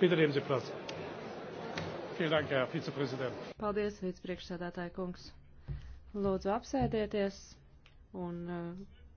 Bitte nehmen Sie Platz. Vielen Dank, Herr Vizepräsident. Paldies, vicepriekšsēdētāja kungs. Lūdzu, apsēdieties un uh,